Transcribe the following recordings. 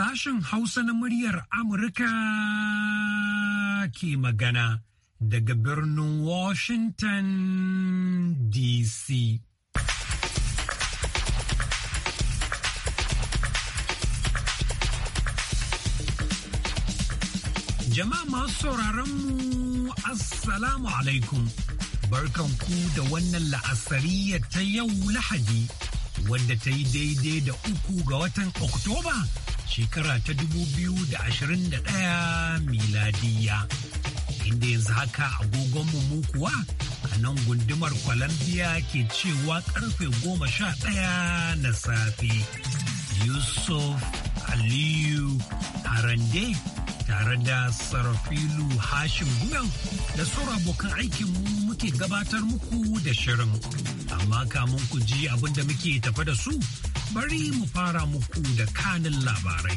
Sashen Hausa na muryar Amurka ke magana daga birnin Washington DC. Jama'a masu sauraron mu Assalamu alaikum. Barkanku da wannan la'asariya ta yau Lahadi, wanda ta yi daidai da uku ga watan Oktoba shekara ta 2021 miladiya. Inda yanzu haka agogon mu kuwa a nan gundumar Colombia ke cewa karfe goma sha ɗaya na safe. Yusuf Aliyu Arande tare da Sarafilu Hashim Gumel da sauran abokan aikin muke gabatar muku da shirin. Amma kamun ku ji abin muke tafa da su bari mu fara muku da kanin labarai.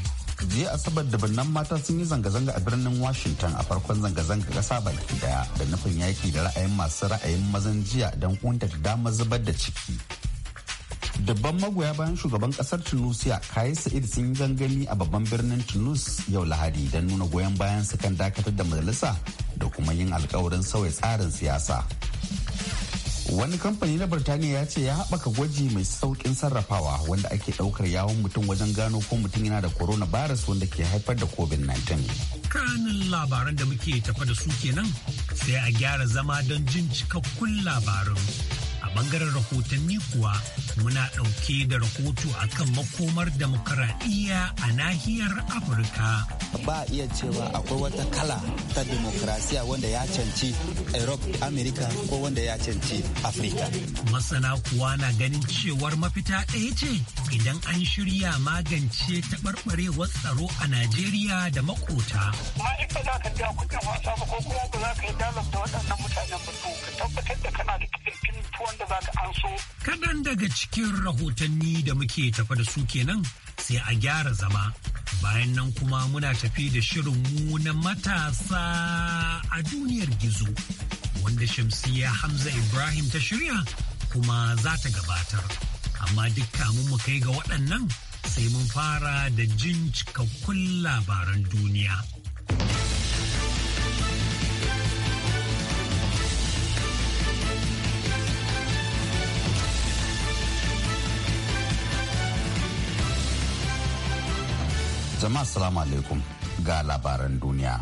jiya asabar da bannan mata sun yi zanga-zanga a birnin washington a farkon zanga-zanga kasa baki daya da nufin yaki da ra'ayin masu ra'ayin mazan jiya don kunta da dama zubar da ciki dabban magoya bayan shugaban kasar tunisia kayi sa'id sun yi gangami a babban birnin tunis yau lahadi don nuna goyon bayan su kan dakatar da majalisa da kuma yin alkawarin sauya tsarin siyasa wani kamfani na birtaniya ya ce ya haɓaka gwaji mai saukin sarrafawa wanda ake ɗaukar yawon mutum wajen gano ko mutum yana da coronavirus wanda ke haifar da covid-19 kanin labaran da muke tafa da su kenan sai a gyara zama don jin cikakkun labarin bangaren rahotanni kuwa muna ɗauke da rahoto akan makomar demokaradiyya a nahiyar afirka ba iya cewa akwai wata kala ta demokrasiya wanda ya canci europe america ko wanda ya canci afirka masana kuwa na ganin cewar mafita ɗaya ce idan an shirya magance taɓarɓarewar tsaro a najeriya da makota ma'aikata ka biya kuɗin wasa ba ko kuma ba za ka yi dalar da waɗannan mutanen ba ka tabbatar da kana da kitin Kaɗan daga cikin rahotanni da muke tafa da su kenan sai a gyara zama. Bayan nan kuma muna tafi da shirin mu na matasa a duniyar gizo wanda Shamsiyya Hamza Ibrahim ta shirya kuma za ta gabatar. Amma duk kamun mu kai ga waɗannan sai mun fara da jin cikakkun labaran duniya. Jama'a salamu alaikum ga labaran duniya.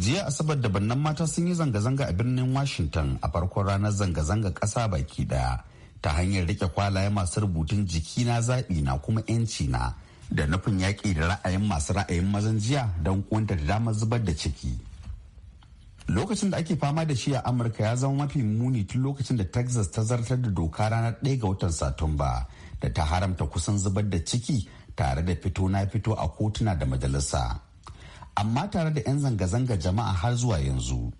Jiya Asabar da bannan mata sun yi zanga-zanga a birnin Washington a farkon ranar zanga-zanga kasa baki daya ta hanyar rike kwalaye masu rubutun jiki na zaɓi na kuma 'yanci na da nufin yaƙi da ra'ayin masu ra'ayin mazan jiya don kuwanta da damar zubar da ciki. lokacin da ake fama da shi a amurka ya zama mafi muni tun lokacin da texas ta zartar da doka ranar 1 ga watan satumba da ta haramta kusan zubar da ciki tare da fito na fito a kotuna da majalisa amma tare da 'yan zanga-zanga jama'a har zuwa yanzu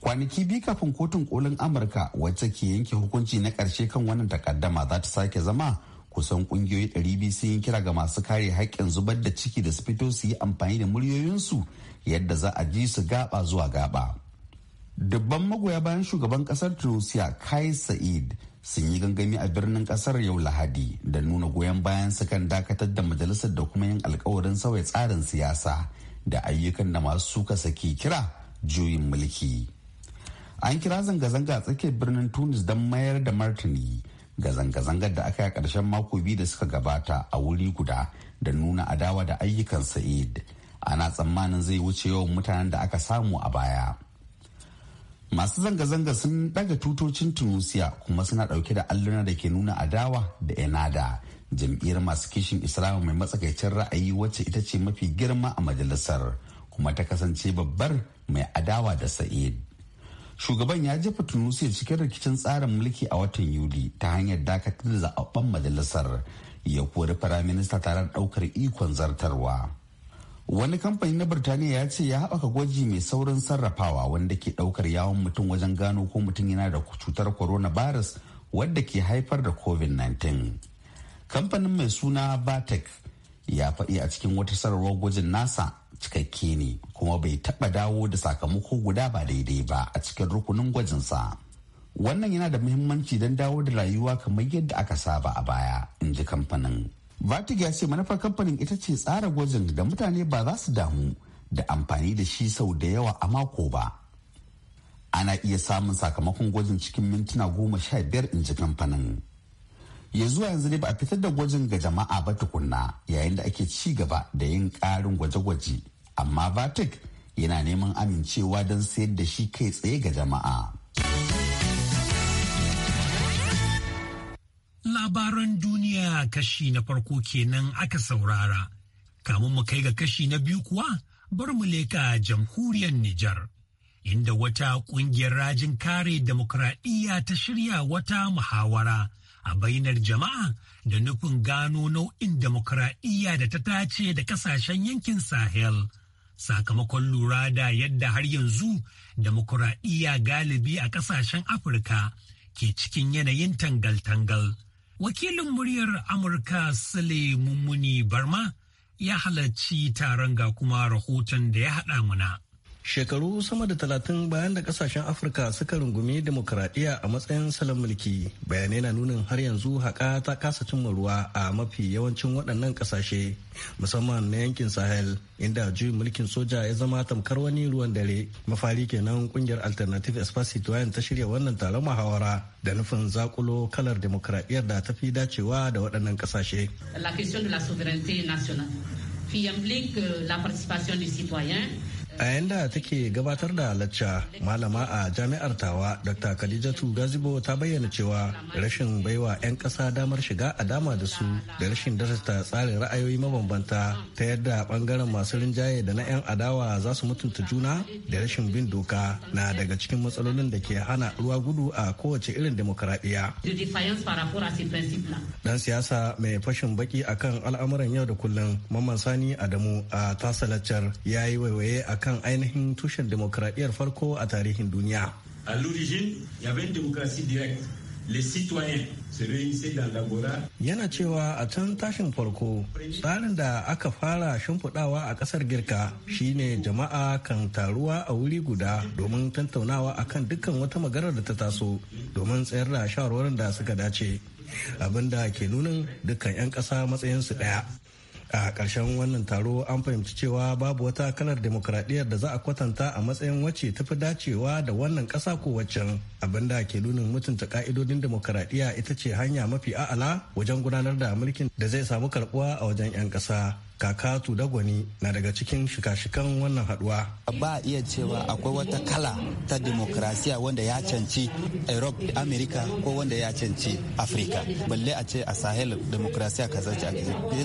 kwanaki biyu kafin kotun kolin amurka wacce ke yanke hukunci na ƙarshe kan wannan takaddama za ta sake zama kusan kungiyoyi biyu sun yi kira ga masu kare haƙƙin zubar da ciki da su fito su yi amfani da muryoyinsu yadda za a ji su gaba zuwa gaba dubban magoya bayan shugaban kasar tunisia kai sa'id sun yi gangami a birnin kasar yau lahadi da nuna goyon bayan su kan dakatar da majalisar da kuma yin alkawarin sauya tsarin siyasa da ayyukan da masu suka saki kira juyin mulki an kira zanga-zanga a tsakiyar birnin tunis don mayar da martini ga zanga-zangar da aka yi a ƙarshen mako biyu da suka gabata a wuri guda da nuna adawa da ayyukan sa'id ana tsammanin zai wuce yawan mutanen da aka samu a baya. masu zanga-zanga sun daga tutocin tunisia kuma suna dauke da alluna da ke nuna adawa da enada jam'iyyar masu kishin islamu mai matsakaicin ra'ayi wacce ita ce mafi girma a majalisar kuma ta kasance babbar mai adawa da sa'id shugaban ya jefa tunisia cikin rikicin tsarin mulki a watan yuli ta hanyar dakatar da zaɓaɓɓen majalisar ya kori firaminista tare da ɗaukar ikon zartarwa wani kamfani na birtaniya ya ce ya haɓaka gwaji mai saurin sarrafawa wanda ke ɗaukar yawon mutum wajen gano ko mutum yana da cutar coronavirus wadda ke haifar da covid-19 kamfanin mai suna batek ya faɗi a cikin wata sararwar gwajin nasa cikakke ne kuma bai taɓa dawo da sakamako guda ba daidai ba a cikin rukunin gwajinsa wannan yana da muhimmanci don dawo da rayuwa kamar yadda aka saba a baya in ji kamfanin Vatic ya ce manufar kamfanin ita ce tsara gwajin da mutane ba za su damu da amfani da shi sau da yawa a mako ba. Ana iya samun sakamakon gwajin cikin mintuna goma sha biyar in ji kamfanin. Ya zuwa yanzu ne ba a fitar da gwajin ga jama'a ba tukunna yayin da ake ci gaba da yin ƙarin gwaje-gwaje. Amma Vatic yana neman amincewa don sayar da shi kai tsaye ga jama'a. Labaran duniya kashi na farko kenan aka saurara. Kamun mu kai ga kashi na biyu kuwa bar mu leka jamhuriyar Nijar. Inda wata ƙungiyar rajin kare demokradiyya ta shirya wata muhawara a bainar jama'a da nufin gano nau'in demokradiyya da ta tace da kasashen yankin Sahel. Sakamakon lura da yadda har yanzu demokradiyya galibi a kasashen Afirka ke cikin yanayin tangal-tangal. Wakilin muryar Amurka Sule Mummuni Barma ya halarci taron ga kuma rahoton da ya haɗa muna. shekaru sama da talatin bayan da kasashen afirka suka rungumi demokuraɗiyya a matsayin salon mulki bayanai na nunin har yanzu haka ta kasa cimma ruwa a mafi yawancin waɗannan ƙasashe musamman na yankin sahel inda juyin mulkin soja ya zama tamkar wani ruwan dare mafari kenan ƙungiyar alternative espacito ta shirya wannan taron muhawara da nufin zakulo kalar demokuraɗiyyar da ta fi dacewa da waɗannan ƙasashe. la question de la souveraineté nationale qui implique euh, la participation du citoyen a yayin da take gabatar da lacca malama a jami'ar tawa dr khadijatu gazibo ta bayyana cewa rashin baiwa 'yan ƙasa damar shiga a dama da su da rashin darasta tsarin ra'ayoyi mabambanta ta yadda bangaren masu rinjaye da na 'yan adawa za su mutunta juna da rashin bin doka na daga cikin matsalolin da ke hana ruwa gudu a kowace irin demokaradiyya dan siyasa mai fashin baki akan al'amuran yau da kullum mamman sani adamu a tasa ya yi waiwaye akan kan ainihin tushen demokradiyyar farko a tarihin duniya. A l'origine, Les citoyens Yana cewa a can tashin farko, tsarin da aka fara shimfiɗawa a ƙasar Girka shine jama'a kan taruwa a wuri guda domin tantaunawa kan dukkan wata magana da ta taso domin tsayar da shawarwarin da suka dace. abin da ke nunin dukkan 'yan ƙasa matsayinsu ɗaya. a ƙarshen wannan taro an fahimci cewa babu wata kalar demokradiyyar da za a kwatanta a matsayin wacce ta fi dacewa da wannan ƙasa ko waccan abinda ke nunin mutunta ka'idodin demokradiyya ita ce hanya mafi a'ala wajen gudanar da mulkin da zai samu karbuwa a wajen 'yan ƙasa kaka tudagwani na daga cikin shika-shikan wannan haduwa. ba iya cewa akwai wata kala ta demokrasiya wanda ya canci europe america ko wanda ya canci afirka balle a ce a sahel demokrasiya kaza ce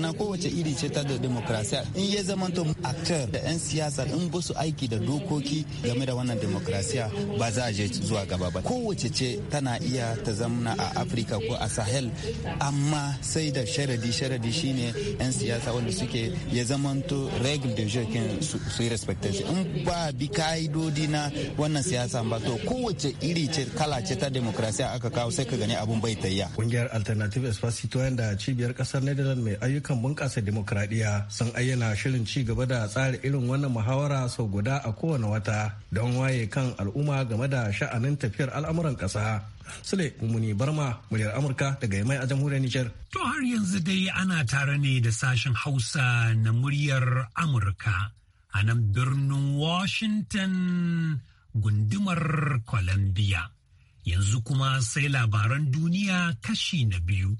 a kowace iri ce ta da demokrasiya in ya to actor da 'yan siyasa in ba su aiki da dokoki game da wannan demokrasiya ba za a je zuwa gaba ba kowace ce tana iya ta zamana a afirka ko a sahel amma sai da sharadi sharadi shine 'yan siyasa wanda suke ya zamanto regul da jirgin su yi respectance in ba bi ka'idodi na wannan siyasa ba to kowace iri ce kala ce ta demokrasiya aka kawo sai ka gani abun bai tayya kungiyar alternative espace citoyen da cibiyar kasar netherlands mai ayyukan bunƙasa demokradiya sun ayyana shirin ci gaba da tsara irin wannan muhawara sau guda a kowane wata don waye kan al'umma game da sha'anin tafiyar al'amuran ƙasa Sule Mumuni Barma muryar Amurka daga Yamai a jamhuriyar Nijar. To har yanzu dai ana tare ne da sashen Hausa na muryar Amurka a nan birnin Washington gundumar Columbia. Yanzu kuma sai labaran duniya kashi na biyu.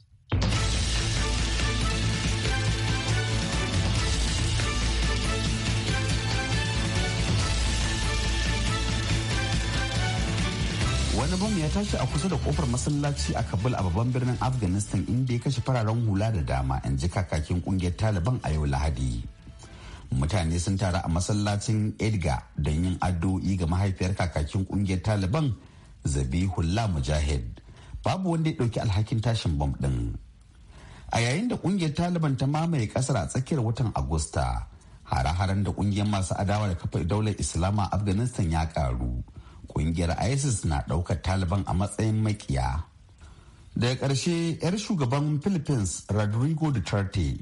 wani bom ya tashi a kusa da kofar masallaci a kabul a babban birnin afghanistan inda ya kashe fararen hula da dama in ji kakakin kungiyar taliban a yau lahadi mutane sun taru a masallacin edgar don yin addu'o'i ga mahaifiyar kakakin kungiyar taliban zabihullah mujahid babu wanda ya dauki alhakin tashin bom ɗin a yayin da kungiyar taliban ta mamaye kasar a tsakiyar watan agusta hare-haren da kungiyar masu adawa da kafa daular a afghanistan ya karu kungiyar isis na daukar taliban a matsayin makiya daga ƙarshe 'yar shugaban philippines rodrigo duterte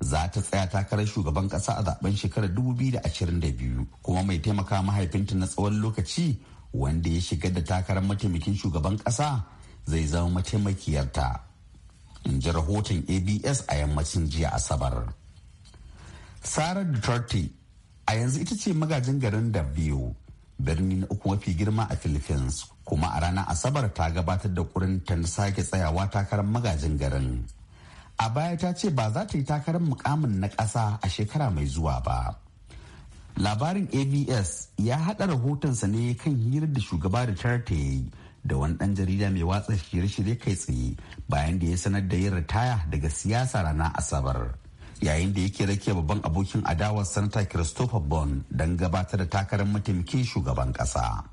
za ta tsaya takarar shugaban ƙasa a zaben shekarar 2022 kuma mai taimaka mahaifinta na tsawon lokaci wanda ya shigar da takarar mataimakin shugaban ƙasa zai zama mataimakiyarta in ji rahoton abs a yammacin jiya asabar sarar duterte a yanzu ita ce magajin garin da biyu birnin na uku mafi girma a philippines kuma a ranar asabar ta gabatar da ƙurinta na sake tsayawa takarar magajin garin a baya ta ce ba za ta yi takarar mukamin na ƙasa a shekara mai zuwa ba labarin abs ya haɗa rahotonsa ne kan hirar da shugaba da ta yi da wani ɗan jarida mai watsa shirye-shirye kai tsaye bayan da ya sanar da yin ritaya daga siyasa ranar asabar yayin da yake rake babban abokin adawar Santa christopher bon don gabatar da takarar mataimakin shugaban kasa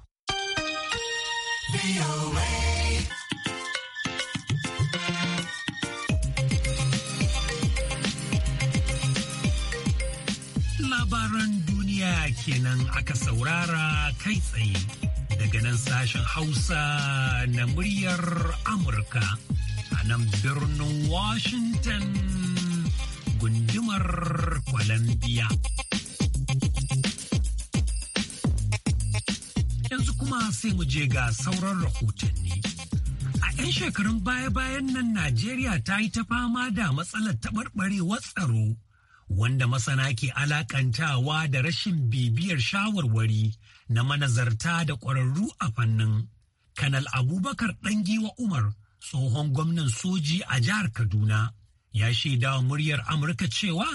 labaran duniya kenan aka saurara kai tsaye daga nan sashen hausa na muryar amurka a nan birnin washington gundumar kwalambiya. Yanzu kuma sai mu je ga sauran rahotanni. A 'yan shekarun baya-bayan nan Najeriya ta yi ta fama da matsalar taɓarɓarewar tsaro, wanda masana ke alakantawa da rashin bibiyar shawarwari na manazarta da ƙwararru a fannin. Kanal Abubakar Ɗangiwa Umar, tsohon gwamnan soji a jihar Kaduna. ya shaida wa muryar Amurka cewa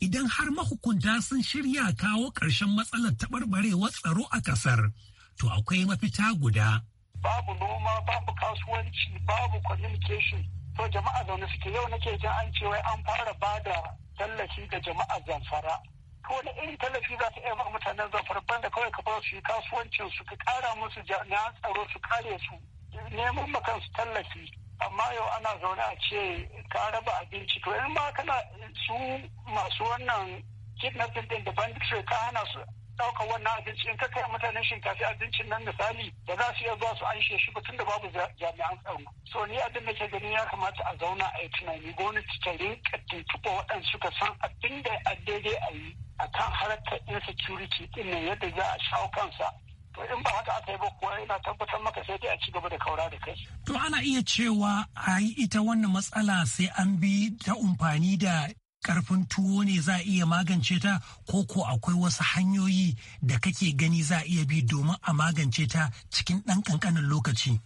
idan har mahukunta sun shirya kawo ƙarshen matsalar taɓarɓarewar tsaro a ƙasar, to akwai mafita guda. Babu noma, babu kasuwanci, babu communication. To jama'a zaune suke yau nake jin an cewa an fara ba da tallafi ga jama'a zamfara. To wani irin tallafi za ta iya ma mutanen zamfara banda kawai ka ba su yi kasuwancin su ka kara musu na tsaro su kare su neman makansu tallafi. amma yau ana zaune a ce ka raba abinci to in ma kana su masu wannan kidnapping din da sai ka hana su ɗaukar wannan abinci in ka kai mutanen shinkafi abincin nan misali ba za su iya zuwa su anshe shi ba tun da babu jami'an tsaro so ni abin da ke ganin ya kamata a zauna a yi tunani gwamnati ta rinka tuntuɓa waɗanda suka san abin da a daidai a yi a kan harkar insecurity ɗin nan yadda za a shawo kansa to in ba haka aka yi ba kuwa yana tabbatar maka sai dai a ci gaba da kaura da kai. To ana iya cewa a yi ita wannan matsala sai an bi ta umfani da karfin tuwo ne za a iya magance ta ko ko akwai wasu hanyoyi da kake gani za a iya bi domin a magance ta cikin ɗan ƙanƙanin lokaci.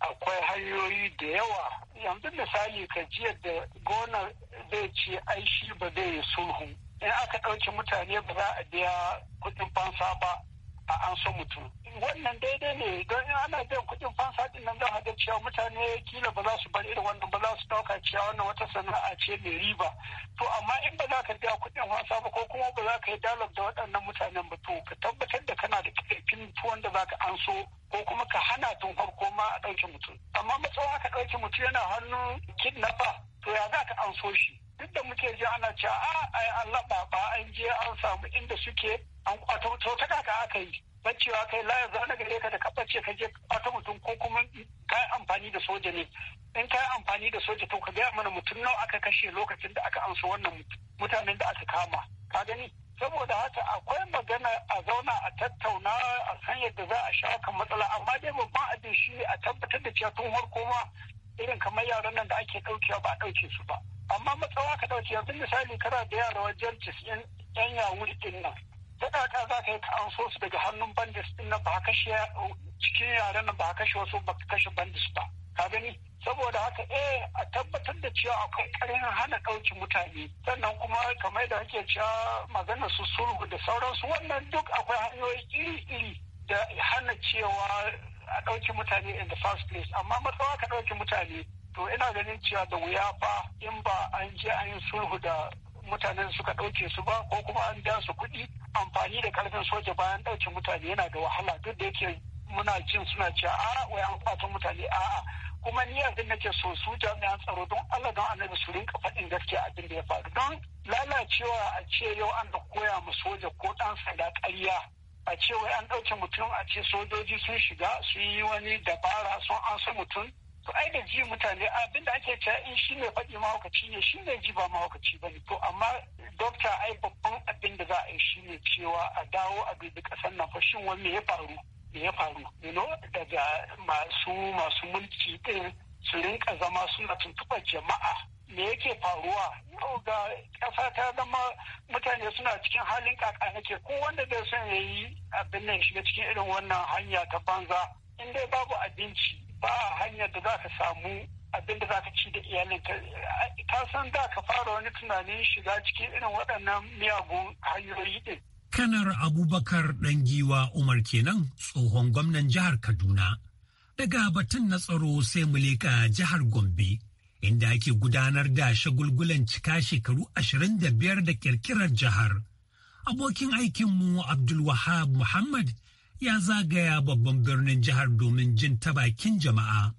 Akwai hanyoyi da yawa yanzu misali ka jiya da gona zai ce ai shi ba zai sulhu in aka ɗauki mutane ba za a biya kuɗin fansa ba a an so mutum wannan daidai ne don in ana biyan kuɗin fansa din nan zan hada ga cewa mutane kila ba za su bar irin wannan ba za su ɗauka cewa wannan wata sana'a ce mai riba to amma in ba za ka biya kuɗin fansa ba ko kuma ba za ka yi dalog da waɗannan mutanen ba to ka tabbatar da kana da ƙarfin tuwon da za ka an so ko kuma ka hana tun farko ma a ɗauki mutum amma matsawa ka ɗauki mutum yana hannun kidnapper to ya za ka an so shi duk da muke ji ana cewa a ah, ai an ba an je an samu inda suke an kwato to ta kaka aka yi bacewa kai layar zana gare ka da kabace ka je kwato mutum ko kuma ka yi amfani da soja ne in ka yi amfani da soja to ka gaya mana mutum nawa aka kashe lokacin da aka amsa wannan mutanen da aka kama ka gani saboda haka akwai magana a zauna a tattauna a san yadda za a shawo kan matsala amma dai babban abin shi a tabbatar da cewa tun harko ma irin kamar yaran nan da ake ɗaukewa ba a ɗauke su ba amma matsawa ka ɗauki yanzu misali kana da yara wajen cisin yan yawuri ɗin nan ka za ka yi ka an so su daga hannun bandis ɗin nan ba kashe cikin yaren nan ba kashe wasu ba ka kashe bandis ba ka gani saboda haka eh a tabbatar da cewa akwai ƙarin hana ɗauki mutane sannan kuma kamar da ake cewa magana su sulhu da sauransu wannan duk akwai hanyoyi iri-iri da hana cewa a ɗauki mutane in the first place amma matsawa ka ɗauki mutane to ina ganin cewa da wuya fa in ba an je an yi sulhu da mutanen suka ɗauke su ba ko kuma an da su kuɗi amfani da ƙarfin soja bayan ɗauke mutane yana da wahala duk da yake muna jin suna cewa a wai an kwato mutane a'a kuma ni yanzu nake so su jami'an tsaro don Allah don annabi su rinka faɗin gaskiya abin da ya faru don lalacewa a ce yau an da koya mu soja ko ɗan sanda ƙarya a ce wai an ɗauke mutum a ce sojoji sun shiga sun yi wani dabara sun an mutum to ai da ji mutane abin da ake cewa in shi ne faɗi mahaukaci ne shi ne ji ba mahaukaci ba ne to amma dokta ai babban abin da za a yi shi ne cewa a dawo a bibi ƙasar nan fashin wani ya faru me ya faru you daga masu masu mulki din su rinka zama suna tuntuɓar jama'a me yake faruwa yau ga ƙasa ta zama mutane suna cikin halin kaka nake ko wanda bai son ya yi abin nan shiga cikin irin wannan hanya ta banza in dai babu abinci ba a hanyar da za ka samu abin da za ka ci da iyalin Ka san da ka fara wani tunanin shiga cikin irin waɗannan miyagun hanyoyi ɗin. kanar abubakar ɗangiwa umar kenan tsohon gwamnan jihar kaduna daga batun na tsaro sai mu leƙa jihar gombe inda ake gudanar da shagulgulan cika shekaru ashirin da biyar da kirkirar jihar abokin aikinmu abdulwahab muhammad ya zagaya babban birnin jihar domin jin ta bakin jama'a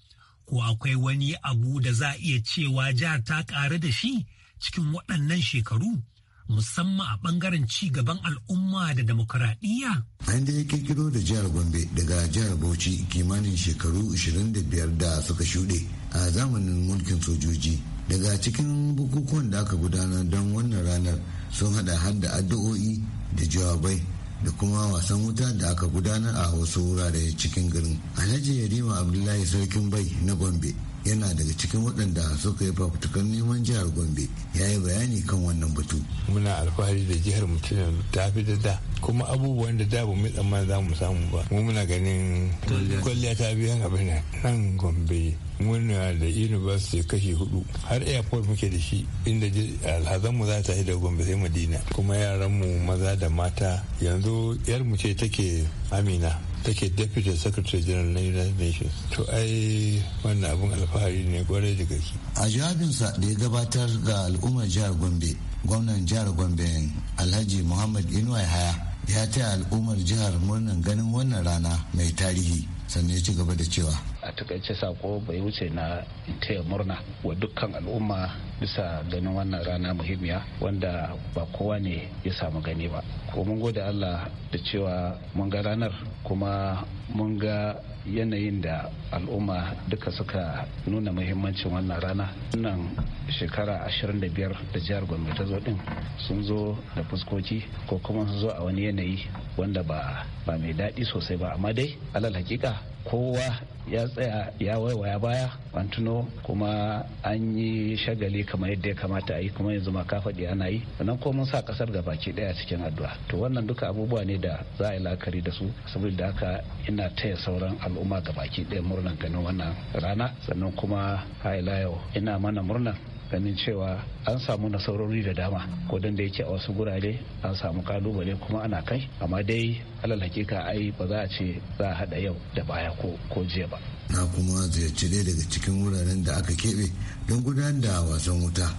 ko akwai wani abu da za a iya cewa jihar ta ƙare da shi cikin waɗannan shekaru musamman a ɓangaren ci gaban al'umma da demokuraɗiyya. An da ya kirkiro da jihar Gombe daga jihar Bauchi kimanin shekaru 25 da suka shuɗe a zamanin mulkin sojoji. Daga cikin bukukuwan da aka gudanar don wannan ranar sun hada har da addu'o'i da jawabai da kuma wasan wuta da aka gudanar a wasu wurare cikin garin alhaji yarima abdullahi sarkin bai na gombe yana daga cikin waɗanda suka yi fafutukan neman jihar gombe ya yi bayani kan wannan batu muna alfahari da jihar mu ta fi da da kuma abubuwan da da ba mu tsammanin za mu samu ba mu muna ganin kwalliya ta biyan abin nan gombe murna da university kashi hudu har airport muke da shi inda alhazanmu za ta yi da gombe sai madina kuma yaran mu maza da mata yanzu yarmu ce take amina take deputy secretary general na united nations to ai wannan abun alfahari ne gwarai da gaske a jawabinsa da ya gabatar ga al'ummar jihar gombe gwamnan jihar gombe alhaji muhammad inuwa haya ya taya al'ummar jihar murnan ganin wannan rana mai tarihi sannan ya ci gaba da cewa a takaice sako bai wuce na taya murna wa dukkan al'umma bisa ganin wannan rana muhimmiya wanda ba kowa ne ya samu gani ba ko mun gode allah da cewa mun ga ranar kuma mun ga yanayin da al'umma duka suka nuna muhimmancin wannan rana nan shekara 25 da jihar gombe ta zo din sun zo da fuskoki ko kuma sun zo a wani yanayi wanda ba mai daɗi sosai ba amma dai alal hakika kowa ya tsaya ya waiwaya baya an tuno kuma an yi shagali kamar yadda ya kamata a yi kuma yanzu ma faɗi ana yi sannan ko mun sa ƙasar ga baki a cikin addu'a to wannan duka abubuwa ne da za a yi lakari da su saboda haka ina taya sauran al'umma ga baki daya murnan ganin wannan rana sannan kuma haila yau ina mana murnar. ganin cewa an samu nasarori da dama kodin da yake a wasu gurare an samu kalubale kuma ana kai amma dai alal hakika ai ba za a ce za a hada yau da baya ko jiya ba na kuma ziyarci dai daga cikin wuraren da aka keɓe don gudanar da wasan wuta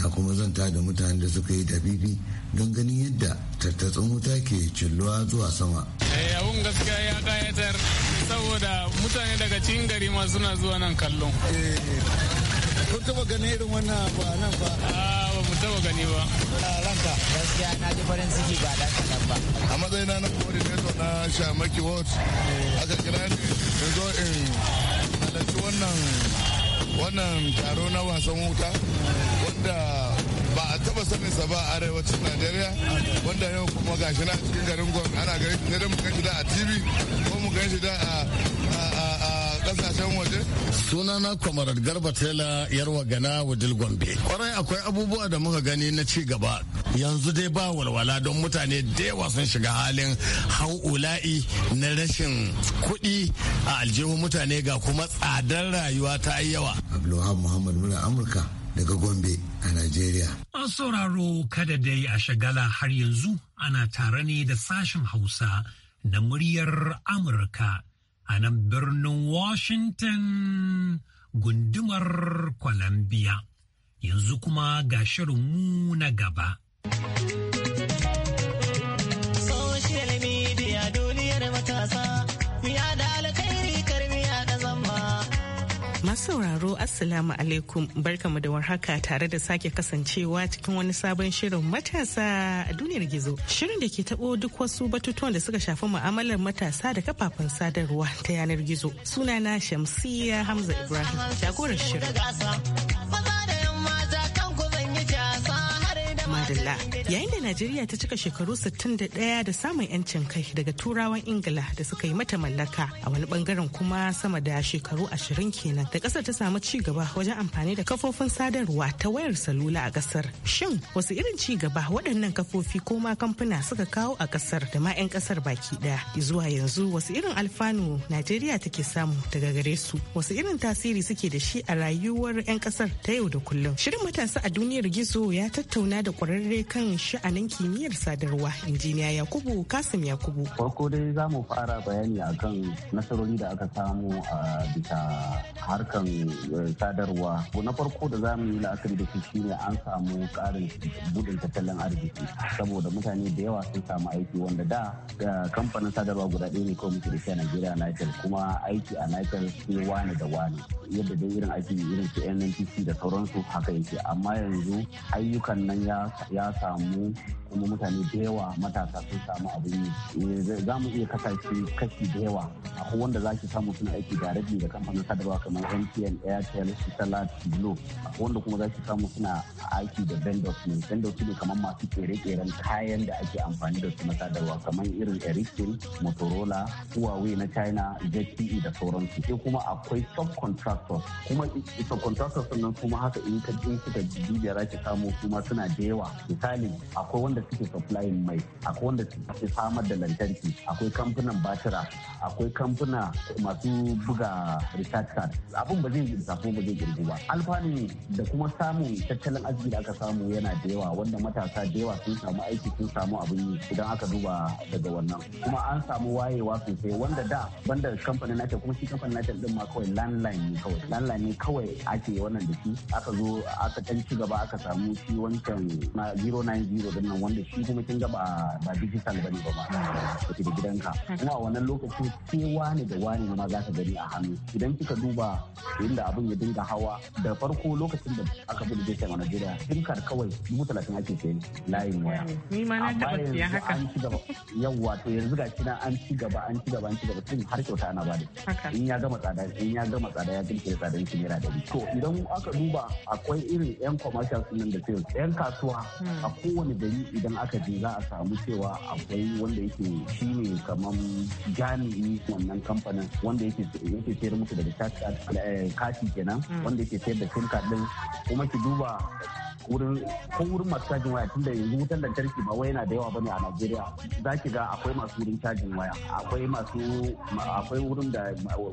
na kuma zanta da mutanen da suka yi dabibi don ganin yadda tattatsun wuta ke cilluwa zuwa sama. Eh, abun gaskiya ya kayatar saboda mutane daga cikin gari ma suna zuwa nan kallon eh, eh. kun taba gani irin wannan abu a nan ba ah, ba mu taba gani ba ranka gaskiya na ji farin ciki ba da kaɗan ba a matsayina na coordinator na shamaki ward eh. aka kira ni in zo in halarci wannan wannan taro na wasan wuta wanda ba a taba sanin sa ba a arewacin najeriya wanda yau kuma gashi na cikin garin gwamnati ana ganin da mu gashi da a tv ko mu gashi da a sunana kwamarar garba tela yarwa gana wudil gombe kwarai akwai abubuwa da muka gani na ci gaba yanzu dai ba walwala don mutane da yawa sun shiga halin hau'ula'i na rashin kuɗi a aljihun mutane ga kuma tsadar rayuwa ta yawa abdulwahab muhammad muna amurka daga gombe a nigeria an sauraro kada dai a shagala har yanzu ana tare ne da sashen hausa na muryar amurka a nan birnin Washington gundumar Columbia. Yanzu kuma ga shirinmu na gaba. sauraro Assalamu alaikum barkamu da warhaka tare da sake kasancewa cikin wani sabon shirin matasa a duniyar gizo. Shirin da ke tabo duk wasu batutuwan da suka shafi mu'amalar matasa da kafafen sadarwa ta yanar gizo. Sunana Shamsiya Hamza Ibrahim jagorar shirin. Abdullah. Yayin da Najeriya ta cika shekaru 61 da samun 'yancin kai daga turawan Ingila da suka yi mata mallaka a wani bangaren kuma sama da shekaru 20 kenan da kasar ta samu ci gaba wajen amfani da kafofin sadarwa ta wayar salula a kasar. Shin wasu irin ci gaba waɗannan kafofi ko ma kamfuna suka kawo a kasar da ma 'yan kasar baki ɗaya zuwa yanzu wasu irin alfanu Najeriya take samu daga gare su wasu irin tasiri suke da shi a rayuwar 'yan kasar ta yau da kullum. Shirin matasa a duniyar gizo ya tattauna da ƙwararren kwararre kan sha'anin kimiyyar sadarwa injiniya yakubu kasim yakubu farko dai za mu fara bayani akan nasarori da aka samu a bisa harkan eh, sadarwa na farko da za mu yi la'akari da shi shine an samu karin budin tattalin arziki saboda mutane da yawa sun samu aiki wanda da kamfanin sadarwa guda ɗaya ne kawai muke da shi a najeriya nigel kuma aiki a nitel sai wani da wani yadda dai irin aiki irin su nnpc da sauransu haka yake amma yanzu ayyukan nan ya ya samu kuma mutane da yawa matasa sun samu abin yi eh, za mu iya kasance kashi da yawa akwai wanda za ki samu suna aiki da rabi da kamfanin sadarwa kamar mtn airtel sitala tilo akwai wanda kuma za ki samu suna aiki da vendors ne vendors ne kamar masu kere-keren kayan da ake amfani da su na sadarwa kamar irin ericsson motorola huawei na china zte da sauransu sai kuma akwai subcontractors kuma subcontractors sannan kuma haka in ka in suka dubiya za ki samu kuma suna da yawa misali akwai wanda suke supplying mai akwai wanda suke samar da lantarki akwai kamfunan batira akwai kamfuna masu buga research card abin ba zai zafo ba zai girgi ba alfanu da kuma samun tattalin arziki da aka samu yana da yawa wanda matasa da yawa sun samu aiki sun samu abin yi idan aka duba daga wannan kuma an samu wayewa sosai wanda da banda kamfanin nake kuma shi kamfanin nake din ma kawai landline ne kawai landline ne kawai ake wannan da shi aka zo aka dan ci gaba aka samu shi wancan na na 090 din nan wanda shi kuma kin ga ba ba digital bane ba ma kake da gidanka kuma a wannan lokacin sai wani da wani ma za ka gani a hannu idan kika duba inda abin ya dinga hawa da farko lokacin da aka bi da a Najeriya sim card kawai dubu talatin ake sayan layin waya eh, ni ma na taba siya haka an ci gaba yawa to yanzu ga kina an ci gaba an ci gaba an ci gaba tun har kyauta ana bada in ya gama tsada in ya gama tsada ya dinke tsadan shi naira dari to idan aka duba akwai irin yan commercial sunan da sales yan kasuwa Hmm. a kowane gari idan aka je za a samu cewa akwai wanda yake shi ne kamar jami'i wannan kamfanin wanda yake yake sayar musu daga eh, kati kenan hmm. wanda yake sayar da sim card kuma ki duba wurin ko wurin masu cajin waya tunda yanzu wutar lantarki ba wai yana da yawa bane a Najeriya za ki ga akwai masu wurin cajin waya akwai masu akwai wurin da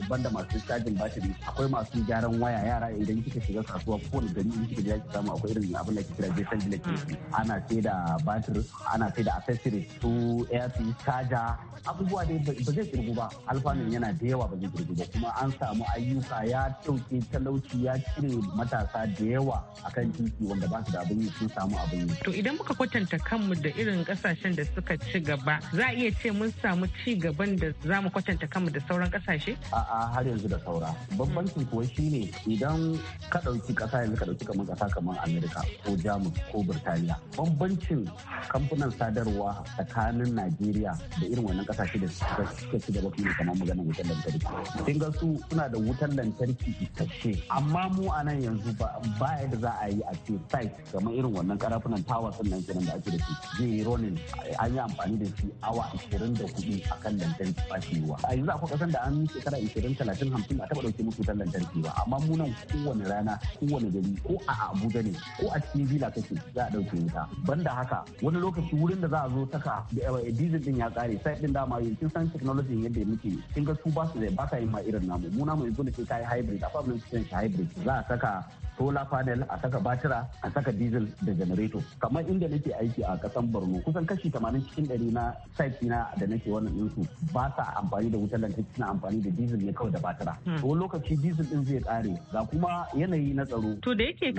banda masu cajin batiri akwai masu gyaran waya yara idan kika shiga kasuwa ko da gari kika je ki samu akwai irin abin da kike kira jesan bilaki mm. ana sai da batir ana sai da accessory su airpiece charger abubuwa dai ba zai kirgu ba alfanun yana da yawa ba zai kirgu ba kuma an samu ayyuka ya tauke talauci ya cire matasa da yawa akan titi wanda ba da abin yi sun samu abin yi. To idan muka kwatanta kanmu da irin kasashen da suka ci gaba za iya ce mun samu ci gaban da za mu kwatanta kanmu da sauran kasashe? A'a har yanzu da saura. bambancin kuwa shine idan ka ɗauki ƙasa yanzu ka ɗauki kamar ƙasa kamar Amerika ko Jamus ko Birtaniya. Bambancin kamfanin sadarwa tsakanin Najeriya da irin wannan kasashe da suka ci gaba kuma kamar maganar wutar lantarki. Kin ga su suna da wutar lantarki isasshe amma mu a nan yanzu ba ba da za a yi a ce site kamar irin wannan karafunan tawa sun nan kenan da ake da su zai yi ronin an yi amfani da shi awa 24 a kan lantarki ba shi yiwa a yanzu akwai kasan da an shekara 20 30 50 a taɓa ɗauke musu wutar lantarki ba amma munan kowane rana kowane gari ko a abuja ne ko a cikin villa kake za a ɗauke wuta banda haka wani lokaci wurin da za a zo saka eh, diesel din ya kare. sai din dama yanzu san technology yadda muke kin ga su ba su da ba ta yin ma irin namu mu namu yanzu da ke kai hybrid akwai abin da shi hybrid za a saka solar panel a saka batira a saka diesel da generator kamar inda nake aiki a kasan borno kusan kashi 80 cikin 100 na site na da nake wannan ɗinsu ba sa amfani da wutar lantarki suna amfani da diesel ne kawai da batira hmm. to lokaci diesel din zai kare ga kuma yanayi na tsaro to da yake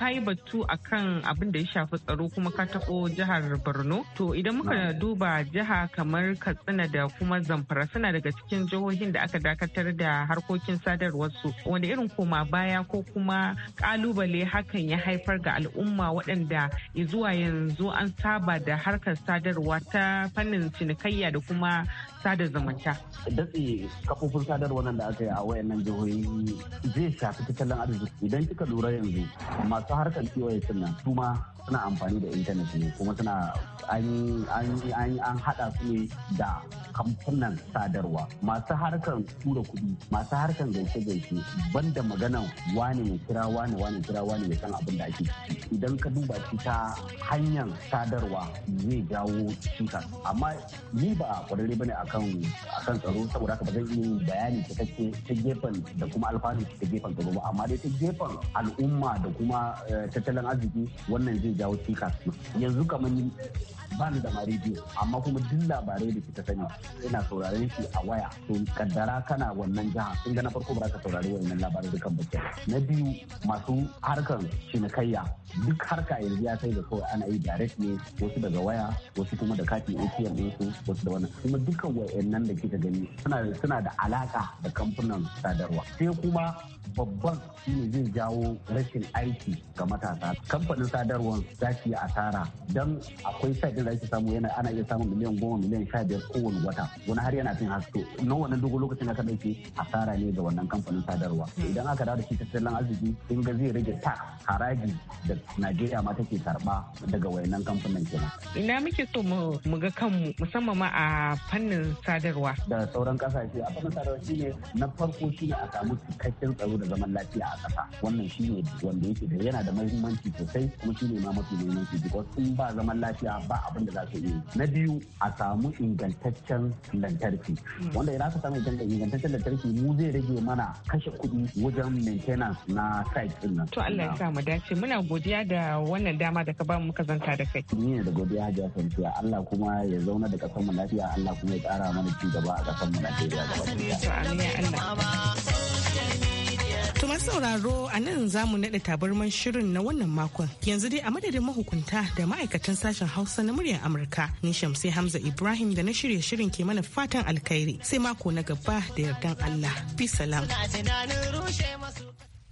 ka yi batu akan abin da ya shafi tsaro kuma ka taɓo jihar borno to idan muka duba jiha kamar katsina da kuma zamfara suna daga cikin jihohin da aka dakatar da harkokin sadarwar su wanda irin koma baya ko kuma kalubale hakan ya haifar ga al'umma waɗanda zuwa yanzu an saba da harkar sadarwa ta fannin cinikayya da kuma sada zumunta. Datse kafofin sadarwa nan da aka yi a wayannan jihohi zai shafi tattalin arziki idan kika lura yanzu masu harkar kiwaye suna kuma suna amfani da intanet ne kuma suna an haɗa su ne da kamfanin sadarwa masu harkar tura kuɗi masu harkar gaishe-gaishe banda maganan wane mai kira wane ma wani kira wani mai san abin da ake idan ka duba shi ta hanyar sadarwa zai jawo cikas amma ni ba kwararre bane akan akan tsaro saboda haka bazan yi bayani cikakke ta gefen da kuma alfanu ta gefen tsaro ba amma dai ta gefen al'umma da kuma eh, tattalin arziki wannan zai jawo cikas yanzu kamar ba ni da ma amma kuma duk labarai da kika sani ina sauraren shi a waya to kaddara kana wannan jiha sun ga na farko ba za ka saurari wannan labarai dukan ba na biyu masu masu harkar cinikayya duk harka yanzu ya sai da kawai ana yi direct ne wasu daga waya wasu kuma da katin atm su wasu da wannan kuma dukkan nan da kika gani suna da alaka da kamfanin sadarwa sai kuma babban shine zai jawo rashin aiki ga matasa kamfanin sadarwar za su yi asara don akwai site da ake samu yana ana iya samun miliyan goma miliyan sha biyar kowane wata wani har yana cin haske na wannan dogon lokacin aka ɗauke asara ne ga wannan kamfanin sadarwa idan aka dawo da shi tattalin arziki inganci wanda zai rage tax haraji da najeriya ma take karba daga wayannan kamfanin kenan ina muke so mu ga kanmu musamman ma a fannin sadarwa da sauran kasashe a fannin sadarwa shine na farko shine a samu cikakken tsaro da zaman lafiya a ƙasa wannan shine wanda yake da yana da muhimmanci sosai kuma shine ma mafi muhimmanci because in ba zaman lafiya ba abin da za su yi na biyu a samu ingantaccen lantarki hmm. wanda idan aka samu ingantaccen lantarki mu zai rage mana kashe kuɗi wajen maintenance na site To Allah ya sa mu dace muna godiya da wannan dama da ka ba mu muka zanta da kai. Ni ne da godiya ga Shamsiya Allah kuma ya zauna da kasar mu lafiya Allah kuma ya ƙara mana ci gaba a kasar mu Najeriya gaba Allah. To masu sauraro a nan za mu naɗa tabarman shirin na wannan makon. Yanzu dai a madadin mahukunta da ma'aikatan sashen Hausa na muryar Amurka, ni Shamsi Hamza Ibrahim da na shirya shirin ke mana fatan alkhairi sai mako na gaba da yardan Allah. Bi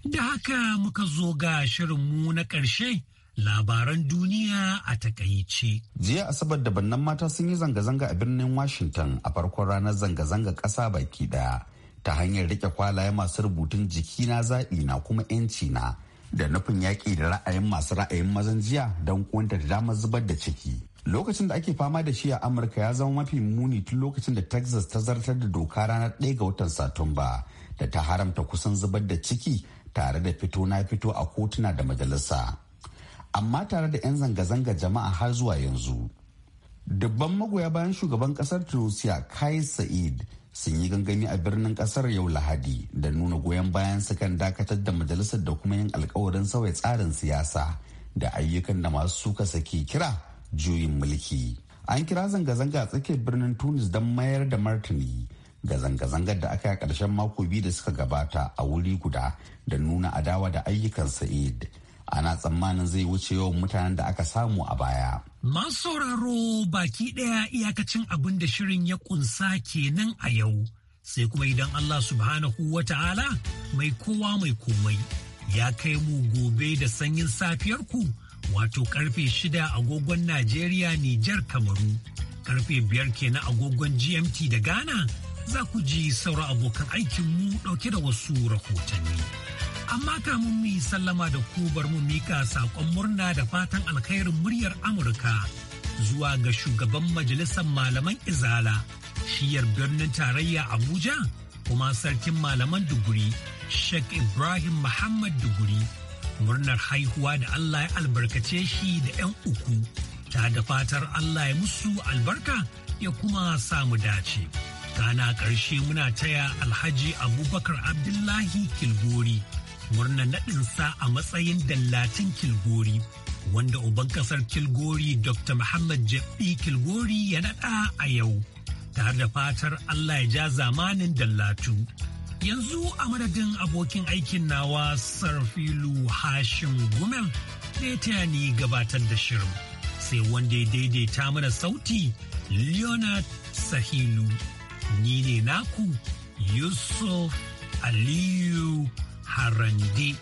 Da haka muka zo ga shirinmu na ƙarshe labaran duniya a takaice. Jiya Asabar da bannan mata sun yi zanga-zanga a birnin Washington a farkon ranar zanga-zanga ƙasa baki ɗaya ta hanyar rike kwalaye masu rubutun jiki na zaɓi na kuma 'yanci na da nufin yaƙi da ra'ayin masu ra'ayin mazan jiya don kuwanta da damar zubar da ciki. Lokacin da ake fama da shi a Amurka ya zama mafi muni tun lokacin da Texas ta zartar da doka ranar 1 ga watan Satumba da ta haramta kusan zubar da ciki tare da fito na fito a kotuna da majalisa amma tare da 'yan zanga-zanga jama'a har zuwa yanzu dubban magoya bayan shugaban kasar tunisia kai sa'id sun yi gangami a birnin kasar yau lahadi da nuna goyon bayan su kan dakatar da majalisar da kuma yin alkawarin sauya tsarin siyasa da ayyukan da masu suka sake kira juyin mulki an kira zanga-zanga a tsakiyar birnin tunis don mayar da martini. ga zanga-zangar da aka yi a ƙarshen mako biyu da suka gabata a wuri guda da nuna adawa da ayyukan sa'id ana tsammanin zai wuce yawan mutanen da aka samu a baya. Masu sauraro baki daya iyakacin abin da shirin ya kunsa kenan a yau sai kuma idan Allah subhanahu wa ta'ala mai kowa mai komai ya kai mu gobe da sanyin safiyar ku wato karfe shida agogon Najeriya Nijar Kamaru karfe biyar kenan agogon GMT da Ghana za ku ji sauran abokan aikinmu ɗauke da wasu rahotanni. Amma kamun mu yi sallama da ku bar mu mika saƙon murna da fatan alkhairin muryar Amurka zuwa ga shugaban majalisar malaman Izala, shiyar birnin tarayya Abuja, kuma sarkin malaman Duguri, Sheikh Ibrahim Muhammad Duguri. Murnar haihuwa da Allah ya albarkace shi da 'yan uku, ta da fatar Allah ya musu albarka ya kuma samu dace. rana ƙarshe muna taya Alhaji Abubakar Abdullahi Kilgori murna naɗinsa a matsayin dallatin Kilgori. Wanda uban ƙasar Kilgori Dr. Muhammad Jabi Kilgori ya naɗa a yau, tare da fatar Allah ya ja zamanin dallatu. Yanzu a madadin abokin aikin nawa Sarfilu Hashim Gumel ne ya taya ni gabatar da shirin. Sai wanda ya daidaita mana sauti, Leonard Sahilu. Ni ne naku Yusuf Aliyu Harande.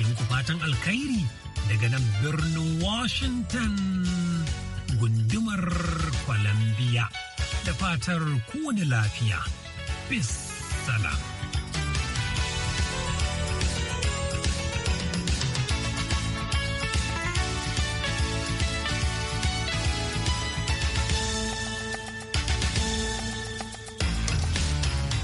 Ke muku fatan alkhairi daga nan birnin Washington gundumar Columbia. Da fatar kowane lafiya. Peace. Salam.